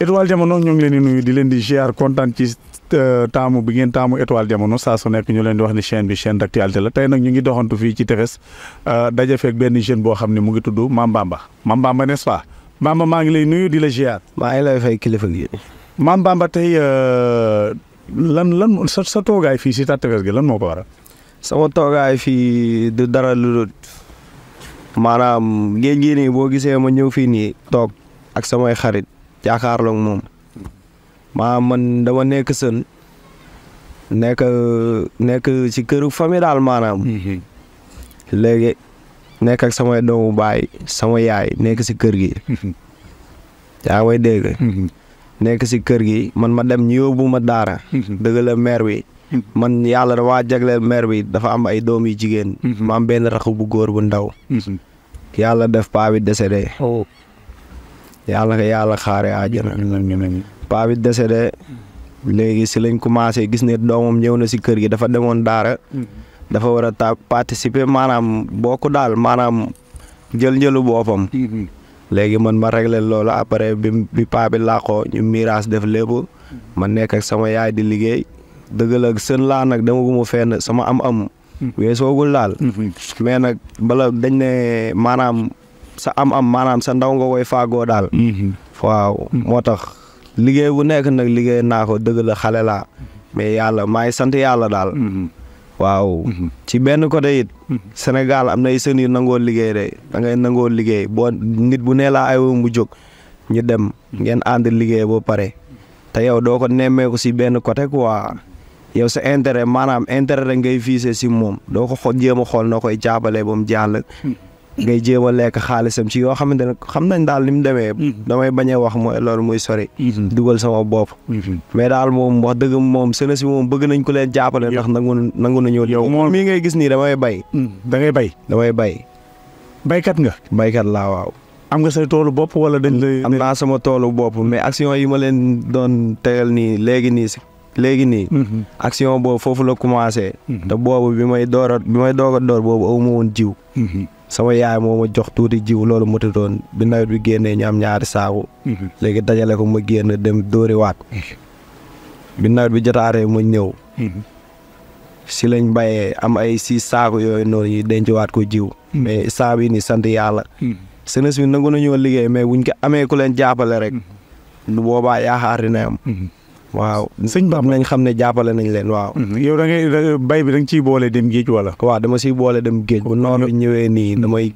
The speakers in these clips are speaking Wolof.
étoile jamono ñoo ngi leen di nuyu di leen di ziar kontaan ci euh, taamu bi ngeen taamu étoile jamono saa su nekk ñu leen di wax ni chaîne bi chaîne d'actualité la tey nag ñu ngi doxantu fii ci tefes euh, daje feeg benn jeune boo xam ne mu ngi tudd Mame Bamba Mame Bamba n'est-ce maa ngi nuyu di la ziar. maa ngi lay fay kilifa gi. Mame Bamba tey euh, lan lan sa fii si ta gi lan moo ko waral. sama toogaay fii du dara lu maanaam géej boo gisee ma ñëw fii nii toog ak samay xarit. jaakaarloo ak moom maa man dama nekk sën nekk nekk ci këru famille maanaam. Mhm. léegi nekk ak samay doomu baay sama yaay nekk si kër gi. Mhm. yaa way mhm. nekk si kër gi man ma dem ñu yóbbu ma daara. dëgg la mère bi. man yàlla da waa jagleel mère bi dafa am ay doom yu jigéen. ma am benn bu góor bu ndaw. yàlla def paa bi décédé. Oh. yàlla nga yàlla xaaree àjjana. paa bi décédé léegi si lañ commencé gis ne doomam ñëw na si kër gi dafa demoon daara. Mm-hmm. dafa war a ta participer maanaam bokk daal maanaam jël njëlu boppam. Mm-hmm. léegi man ma réglé loolu après bi bi paa bi làqoo ñu miraas def lépp. Mm-hmm. ma nekk ak sama yaay di liggéey. dëgg la sën laa nag demaguma fenn sama am-am. weesoogul daal. mais nag bala dañ ne maanaam. sa am-am maanaam sa ndaw woy koy faagoo daal. Mhm. waaw mhm. moo tax liggéey bu nekk nag liggéey naa ko dëgg la xale laa mhm. mais yàlla maa ngi sant yàlla daal. waaw ci benn côté it. Sénégal am na ay seen yu nangoo liggéey de da ngay nangoo liggéey boo nit bu nee laa ayoo mu jóg ñu dem ngeen ànd liggéey boo pare te yow doo ko nemmeeku si benn côté quoi. yow sa intérêt maanaam intérêt rek ngay visé si moom doo ko xool jéem a xool noo koy jàppalee ba mu ngay jéem a lekk xaalisam ci yoo xamante ne xam nañ daal ni mu demee. Mm-hmm. damay bañ a wax mooy loolu muy sori. Mm-hmm. dugal sama bopp. Mm-hmm. mais daal moom wax dëgg moom seen si moom bëgg nañ ko leen jàppale. ndax nangu nangu nañoo. yow moom mii ngay gis ni damay bay. da bay damay bay. baykat nga. baykat laa waaw. am nga say toolu bopp wala dañ am naa sama toolu bopp mais action yi ma leen doon tegal nii léegi nii si léegi nii. action boobu foofu la commencé. te boobu bi may door a bi may doog door boobu aw ma woon jiw. sama yaay moo ma jox tuuti jiw loolu matatoon bi nawet bi génnee ñu am ñaari saaku mhm. léegi dajale ko ma génn dem dóori waat mhm. bi nawet bi jotaaree ma ñëw mhm. si lañ bayee am ay si saaku yooyu noonu yi denc waat ko jiw mais saa bi ni sant yàlla senes bi nangu nañoo liggéey mais wuñ ko amee ku leen jàppale rek lu boobaa yaakaar dina am waaw sëñ Bam nañ xam ne jàppale nañ leen waaw. Mm-hmm. yow da ngay bay bi da nga ciy boole dem géej wala. waaw dama siy boole dem géej. bu noor bi ñëwee nii mm-hmm. damay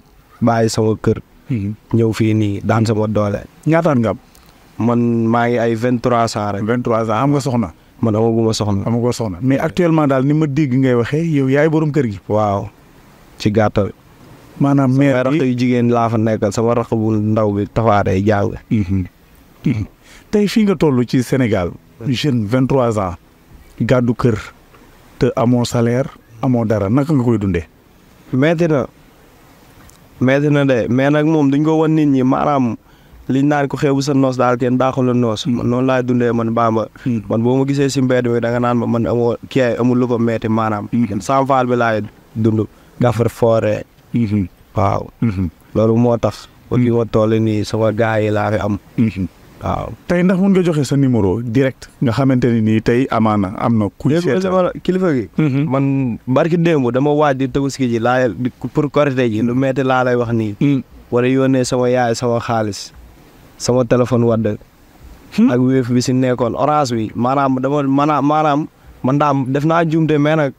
bàyyi sama kër. Mm-hmm. ñëw fii nii daan sama doole. ñaataan nga man maa ngi ay vent trois ans rek. vingt trois ans am nga soxna. man amaguma soxna. amaguma soxna mais actuellement daal ni ma dégg ngay waxee yow yaay borom kër gi. waaw ci gàttal. maanaam mais bi sama jigéen laa fa nekkal sama rakk bu ndaw bi tafaaree jàng. tey fii nga toll ci Sénégal. jeune vingt trois ans gàddu kër te amoo salaire amoo dara naka nga koy dundee. metti na metti na de mais nag moom duñ ko wan nit ñi maanaam liñ naan ko xeebu sa noos daal kenn daaxul la noos. man hmm. noonu laay dundee man Bamba. Hmm. man boo ma gisee si mbedd mi da naan ma man amoo kii amul lu ko metti maanaam. Hmm. sans faal bi laay dund. gafar foore. waaw. loolu moo tax. ba fi ma toll nii sama am. waaw tey ndax mun nga joxe sa numéro direct nga xamante ne nii tey amaana am na. ku kilifa gi. Mhm. man barki démb dama waaj di tabaski ji laa pour korite ji lu metti laa lay wax nii. Mhm. wala yónnee sama yaay sama xaalis sama téléphone wadd hmm? ak wéef bi si nekkoon orange bi maanaam dama maanaam maanaam man daam def naa juumte mais nag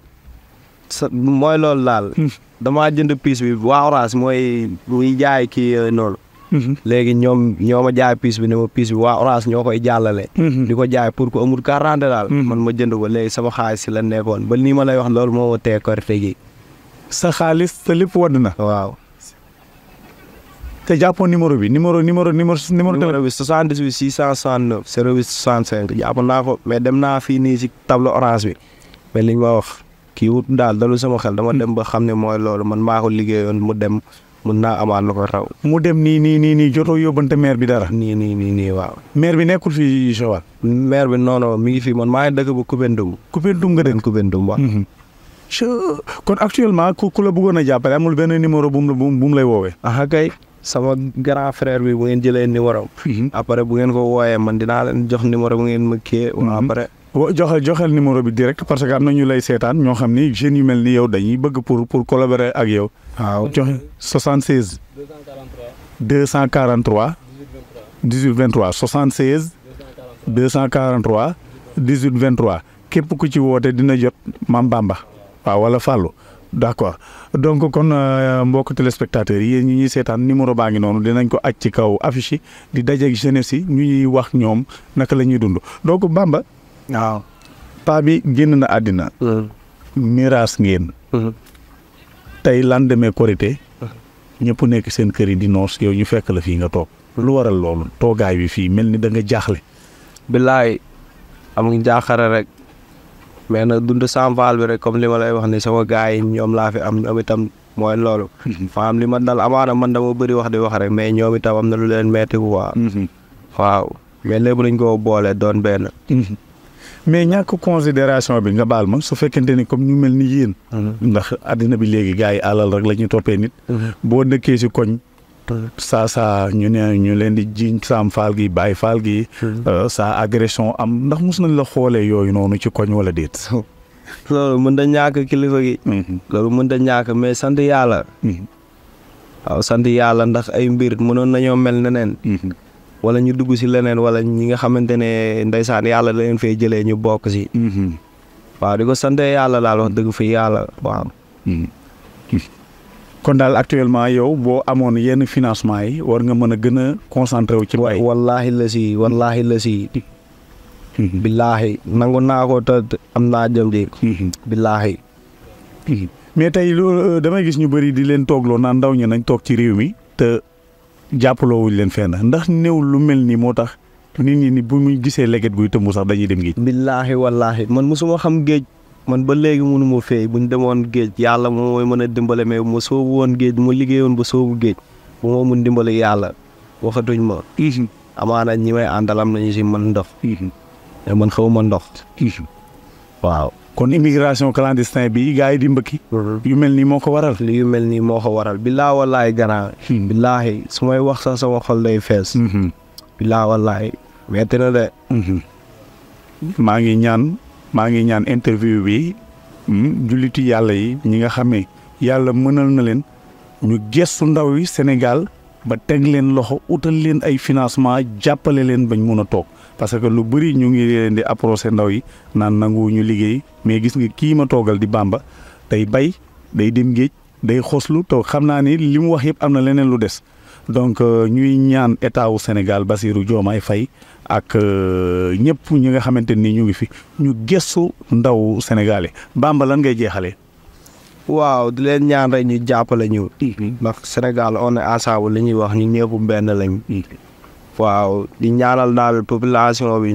sa lool loolu daal. Hmm. damaa jënd piis bi waa orange mooy muy jaay kii noonu. Mhm. léegi ñoom ñoo ma jaay piis bi ne ma piis bi waa orange ñoo koy jàllale mhm. di ko jaay pour ko amul quarante daal mhm. man ma jënd ko léegi sama xaalis si la nekkoon ba nii ma lay wax loolu moo ma tee gi sa xaalis sa lépp te na waaw bi jàppoon numéro bi numéro numéro numéro numéro bi 78 669 08 65 jàppoon naa ko mais dem naa fii nii si table bi mais liñ ma wax kii wut daal dalu sama xel dama dem ba xam ne mooy loolu man maa ko liggéeyoon mu mën naa amaat lu ko raw. mu dem nii nii nii nii jotoo yóbbante maire bi dara. nii nii nii nii waaw. maire bi nekkul fii Joal. maire bi non non mi ngi fii man maa ngi dëkk ba Koumpentoum. Koumpentoum nga dëkk Koumpentoum waaw. Mhm. kon actuellement ku la bëggoon a jàppale amul benn numéro bu mu bu mu lay woowee. ah kay sama grand frère bi bu ngeen jëlee numéro am. Mhm. après bu ngeen ko wooyee man dinaa leen jox numéro bu ngeen ma kii. Mhm. après. joxe joxel numéro bi direct parce que am na ñu lay seetaan ñoo xam ni jeunes yu mel ni yow dañuy bëgg pour pour collaborer ak yow. waaw joxe 76. 243. 18 23 76. 243. 18 23 képp ku ci woote dina jot Mame Bamba waaw wala Fallou d' accord donc kon euh, mbokk téléspectateurs yi yéen ñi ñuy seetaan numéro baa ngi noonu dinañ ko aj ci kaw affiche yi di dajeeg jeunesse ñu ñuy wax ñoom naka la ñuy dund donc waaw paa bi génn na àddina hmm. miraas ngeen hmm. tey lendemain korité hmm. ñëpp nekk seen kër yi di noos yow ñu fekk la fii nga toog lu waral loolu toogaay bi fii mel ni da nga jaaxle billaay am ngi jaaxare rek mais nag dund sans val bi rek comme li ma wax ni sama gars yi ñoom laa fi am am itam mooy loolu maanaam li ma dal amaana man dama bëri wax di wax rek mais ñoom itam am na lu leen metti quoi waaw mais lépp lañ ko boole doon benn mais ñàkk considération bi nga baal ma su fekkente ni comme ñu mel ni yéen. Mhm. ndax àddina bi léegi gars yi alal rek la ñuy toppee nit. Mhm. boo dëkkee si koñ. Mhm. saa saa ñu ne ñu leen di jiiñ saam faal gi bàyyi faal gi. Euh, saa agression am ndax mos nañ la xoolee yooyu noonu ci koñ wala déet. loolu mën da kilifa gi. loolu mën da ñàkk mais sant yàlla. waaw sant yàlla ndax ay mbir mënoon nañoo mel neneen. wala ñu dugg si leneen wala ñi nga xamante ne ndeysaan yàlla da leen jëlee ñu bokk si. Mm-hmm. waaw di ko sant yàlla daal wax fi yàlla waaw. Mm-hmm. kon daal actuellement yow boo amoon yenn financement yi war nga mën a gën a concentré wu ci mbay. wallaahi la si wallaahi la si. Mm-hmm. billaahi nangu naa ko te am naa jëm di. billaahi. mais tey lu damay gis ñu bëri di leen toogloo naan ndaw ñi nañ toog ci réew mi te. jàppaloo wuñ leen fenn ndax néew lu mel nii moo tax nit ñi ni bu ñu gisee leget guy tëmb sax dañuy dem géej. billaahi wallaahi man mosuma xam géej man ba léegi mënu ma fay bu ñu demoon géej yàlla moom mooy mën a dimbale mais ma soobu woon géej ma liggéeyoon ba soobu géej bu mun dimbale yàlla waxatuñ ma. amaana ñi may àndal am nañu si mën ndox. mais man xaw ma ndox. waaw. kon immigration clandestin bi gars yi di mbëkki mhm. yu mel nii moo ko waral li yu mel nii moo ko waral billaa wallaahi garant hmm. billaahi su may wax sax sa xol day fees mhm. billaa wallaahi metti de mhm. maa ngi ñaan maa ngi ñaan interview bi hmm, julliti yàlla yi ñi nga xamee yàlla mënal na leen ñu gestu ndaw yi Sénégal ba teg leen loxo utal leen ay financement jàppale leen bañ mun a toog parce que lu bëri ñu ngi leen di approché ndaw yi naan nangu ñu liggéey mais gis nga kii ma toogal di Bamba day bay day dem géej day xoslu te xam naa ni li mu wax yëpp am na leneen lu des donc euh, ñuy ñaan état wu Sénégal Bassirou Diomaye Faye ak euh, ñëpp ñu nga xamante ni ñu ngi fi ñu gëstu ndaw sénégalais Bamba lan ngay jeexale waaw di leen ñaan rek ñu jàppale ñu. ndax Sénégal on est ensemble ñuy wax ñu ñëpp benn lañ. waaw di ñaanal daal population bi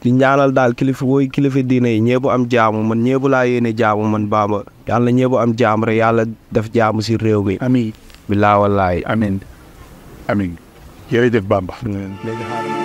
di ñaanal daal kilifa woy kilifa diine yi am jaamu man ñëpp laa yéene jaamu man Bamba yàlla ñëpp am jaam rek yàlla def jaamu si réew mi. amiin bilaa wallaay amiin amiin jërëjëf Bamba.